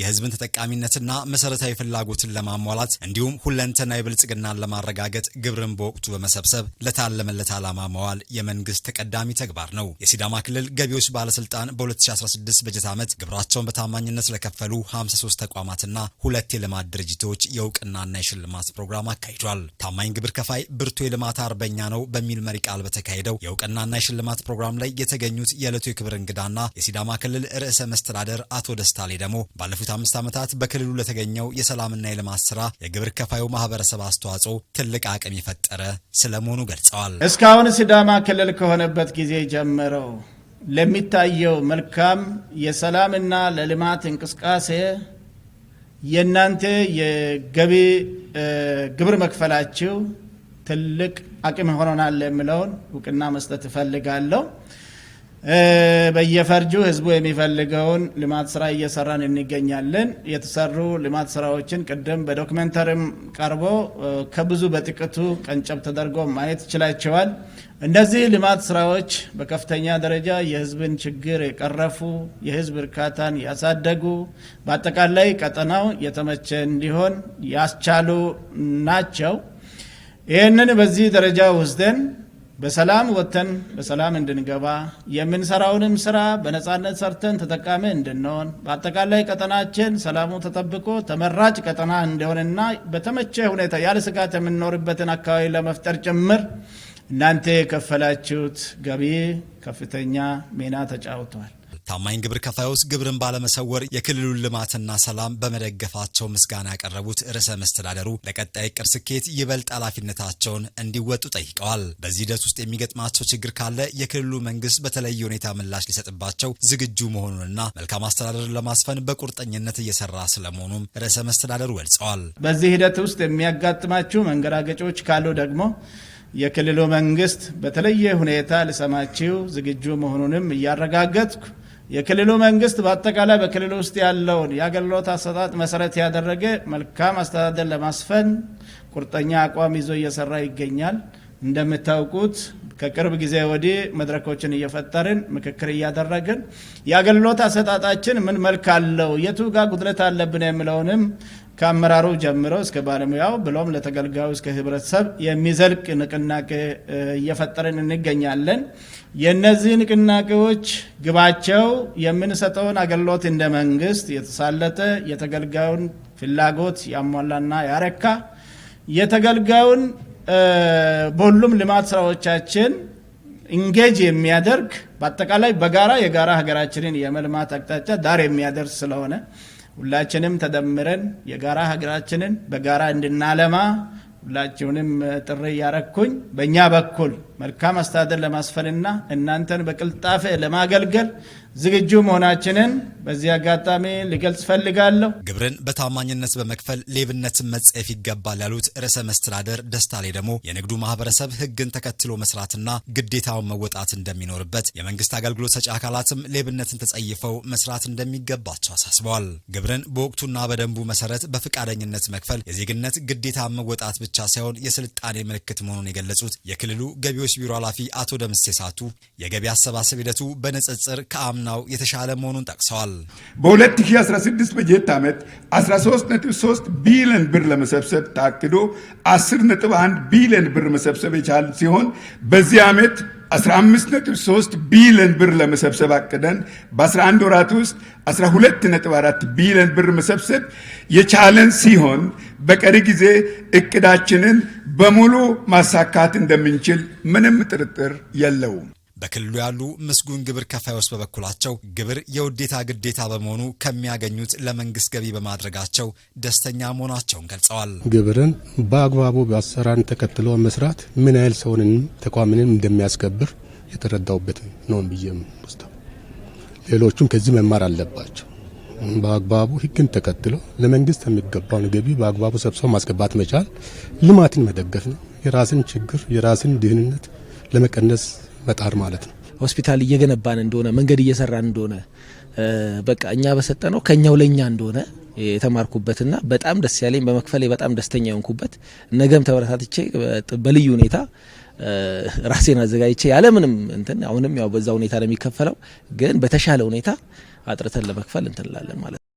የህዝብን ተጠቃሚነትና መሰረታዊ ፍላጎትን ለማሟላት እንዲሁም ሁለንተና የብልጽግናን ለማረጋገጥ ግብርን በወቅቱ በመሰብሰብ ለታለመለት ዓላማ መዋል የመንግስት ተቀዳሚ ተግባር ነው። የሲዳማ ክልል ገቢዎች ባለስልጣን በ2016 በጀት ዓመት ግብራቸውን በታማኝነት ለከፈሉ 53 ተቋማትና ሁለት የልማት ድርጅቶች የእውቅናና የሽልማት ፕሮግራም አካሂዷል። ታማኝ ግብር ከፋይ ብርቱ የልማት አርበኛ ነው በሚል መሪ ቃል በተካሄደው የእውቅናና የሽልማት ፕሮግራም ላይ የተገኙት የዕለቱ የክብር እንግዳና የሲዳማ ክልል ርዕሰ መስተዳደር አቶ ደስታ ደግሞ ባለፉ ባለፉት አምስት ዓመታት በክልሉ ለተገኘው የሰላምና የልማት ስራ የግብር ከፋዩ ማህበረሰብ አስተዋጽኦ ትልቅ አቅም የፈጠረ ስለመሆኑ ገልጸዋል። እስካሁን ሲዳማ ክልል ከሆነበት ጊዜ ጀምረው ለሚታየው መልካም የሰላምና ለልማት እንቅስቃሴ የእናንተ የገቢ ግብር መክፈላችሁ ትልቅ አቅም ሆኖናል የምለውን እውቅና መስጠት እፈልጋለሁ። በየፈርጁ ህዝቡ የሚፈልገውን ልማት ስራ እየሰራን እንገኛለን። የተሰሩ ልማት ስራዎችን ቅድም በዶክመንተሪም ቀርቦ ከብዙ በጥቂቱ ቀንጨብ ተደርጎ ማየት ይችላቸዋል። እነዚህ ልማት ስራዎች በከፍተኛ ደረጃ የህዝብን ችግር የቀረፉ፣ የህዝብ እርካታን ያሳደጉ፣ በአጠቃላይ ቀጠናው የተመቸ እንዲሆን ያስቻሉ ናቸው። ይህንን በዚህ ደረጃ ውስደን በሰላም ወጥተን በሰላም እንድንገባ የምንሰራውንም ስራ በነፃነት ሰርተን ተጠቃሚ እንድንሆን በአጠቃላይ ቀጠናችን ሰላሙ ተጠብቆ ተመራጭ ቀጠና እንደሆነና በተመቸ ሁኔታ ያለ ስጋት የምንኖርበትን አካባቢ ለመፍጠር ጭምር እናንተ የከፈላችሁት ገቢ ከፍተኛ ሚና ተጫውተዋል። ታማኝ ግብር ከፋዮች ግብርን ባለመሰወር የክልሉን ልማትና ሰላም በመደገፋቸው ምስጋና ያቀረቡት ርዕሰ መስተዳደሩ ለቀጣይ ቅር ስኬት ይበልጥ ኃላፊነታቸውን እንዲወጡ ጠይቀዋል። በዚህ ሂደት ውስጥ የሚገጥማቸው ችግር ካለ የክልሉ መንግስት በተለየ ሁኔታ ምላሽ ሊሰጥባቸው ዝግጁ መሆኑንና መልካም አስተዳደርን ለማስፈን በቁርጠኝነት እየሰራ ስለመሆኑም ርዕሰ መስተዳደሩ ገልጸዋል። በዚህ ሂደት ውስጥ የሚያጋጥማችሁ መንገራገጮች ካሉ ደግሞ የክልሉ መንግስት በተለየ ሁኔታ ልሰማችሁ ዝግጁ መሆኑንም እያረጋገጥኩ የክልሉ መንግስት በአጠቃላይ በክልሉ ውስጥ ያለውን የአገልግሎት አሰጣጥ መሰረት ያደረገ መልካም አስተዳደር ለማስፈን ቁርጠኛ አቋም ይዞ እየሰራ ይገኛል። እንደምታውቁት ከቅርብ ጊዜ ወዲህ መድረኮችን እየፈጠርን ምክክር እያደረግን የአገልግሎት አሰጣጣችን ምን መልክ አለው፣ የቱ ጋር ጉድለት አለብን የሚለውንም ከአመራሩ ጀምሮ እስከ ባለሙያው ብሎም ለተገልጋዩ እስከ ህብረተሰብ የሚዘልቅ ንቅናቄ እየፈጠርን እንገኛለን። የእነዚህ ንቅናቄዎች ግባቸው የምንሰጠውን አገልግሎት እንደ መንግስት የተሳለጠ የተገልጋዩን ፍላጎት ያሟላና ያረካ የተገልጋዩን በሁሉም ልማት ስራዎቻችን እንጌጅ የሚያደርግ በአጠቃላይ በጋራ የጋራ ሀገራችንን የመልማት አቅጣጫ ዳር የሚያደርስ ስለሆነ ሁላችንም ተደምረን የጋራ ሀገራችንን በጋራ እንድናለማ ሁላችሁንም ጥሪ እያረግኩኝ በእኛ በኩል መልካም አስተዳደር ለማስፈንና እናንተን በቅልጣፌ ለማገልገል ዝግጁ መሆናችንን በዚህ አጋጣሚ ልገልጽ ፈልጋለሁ። ግብርን በታማኝነት በመክፈል ሌብነትን መጸየፍ ይገባል ያሉት ርዕሰ መስተዳደር ደስታ ላይ ደግሞ የንግዱ ማህበረሰብ ህግን ተከትሎ መስራትና ግዴታውን መወጣት እንደሚኖርበት፣ የመንግስት አገልግሎት ሰጪ አካላትም ሌብነትን ተጸይፈው መስራት እንደሚገባቸው አሳስበዋል። ግብርን በወቅቱና በደንቡ መሰረት በፈቃደኝነት መክፈል የዜግነት ግዴታ መወጣት ብቻ ሳይሆን የስልጣኔ ምልክት መሆኑን የገለጹት የክልሉ ገቢዎች ጉዳዮች ቢሮ ኃላፊ አቶ ደምሴ ሳቱ የገቢ አሰባሰብ ሂደቱ በንጽጽር ከአምናው የተሻለ መሆኑን ጠቅሰዋል። በ2016 በጀት ዓመት 13.3 ቢሊዮን ብር ለመሰብሰብ ታቅዶ 10.1 ቢሊዮን ብር መሰብሰብ የቻል ሲሆን በዚህ ዓመት 15.3 ቢሊዮን ብር ለመሰብሰብ አቅደን በ11 ወራት ውስጥ 12.4 ቢሊዮን ብር መሰብሰብ የቻለን ሲሆን በቀሪ ጊዜ እቅዳችንን በሙሉ ማሳካት እንደምንችል ምንም ጥርጥር የለውም። በክልሉ ያሉ ምስጉን ግብር ከፋዮች በበኩላቸው ግብር የውዴታ ግዴታ በመሆኑ ከሚያገኙት ለመንግስት ገቢ በማድረጋቸው ደስተኛ መሆናቸውን ገልጸዋል። ግብርን በአግባቡ በአሰራርን ተከትሎ መስራት ምን ያህል ሰውንንም ተቋምንም እንደሚያስከብር የተረዳውበት ነው ብዬ ውስጥ ሌሎቹም ከዚህ መማር አለባቸው። በአግባቡ ህግን ተከትሎ ለመንግስት የሚገባውን ገቢ በአግባቡ ሰብሰው ማስገባት መቻል ልማትን መደገፍ ነው። የራስን ችግር የራስን ድህንነት ለመቀነስ መጣር ማለት ነው። ሆስፒታል እየገነባን እንደሆነ መንገድ እየሰራን እንደሆነ በቃ እኛ በሰጠነው ከኛው ለእኛ እንደሆነ የተማርኩበትና በጣም ደስ ያለኝ በመክፈል በጣም ደስተኛ የሆንኩበት ነገም ተበረታትቼ በልዩ ሁኔታ ራሴን አዘጋጅቼ ያለምንም እንትን አሁንም ያው በዛ ሁኔታ ነው የሚከፈለው፣ ግን በተሻለ ሁኔታ አጥርተን ለመክፈል እንትንላለን ማለት ነው።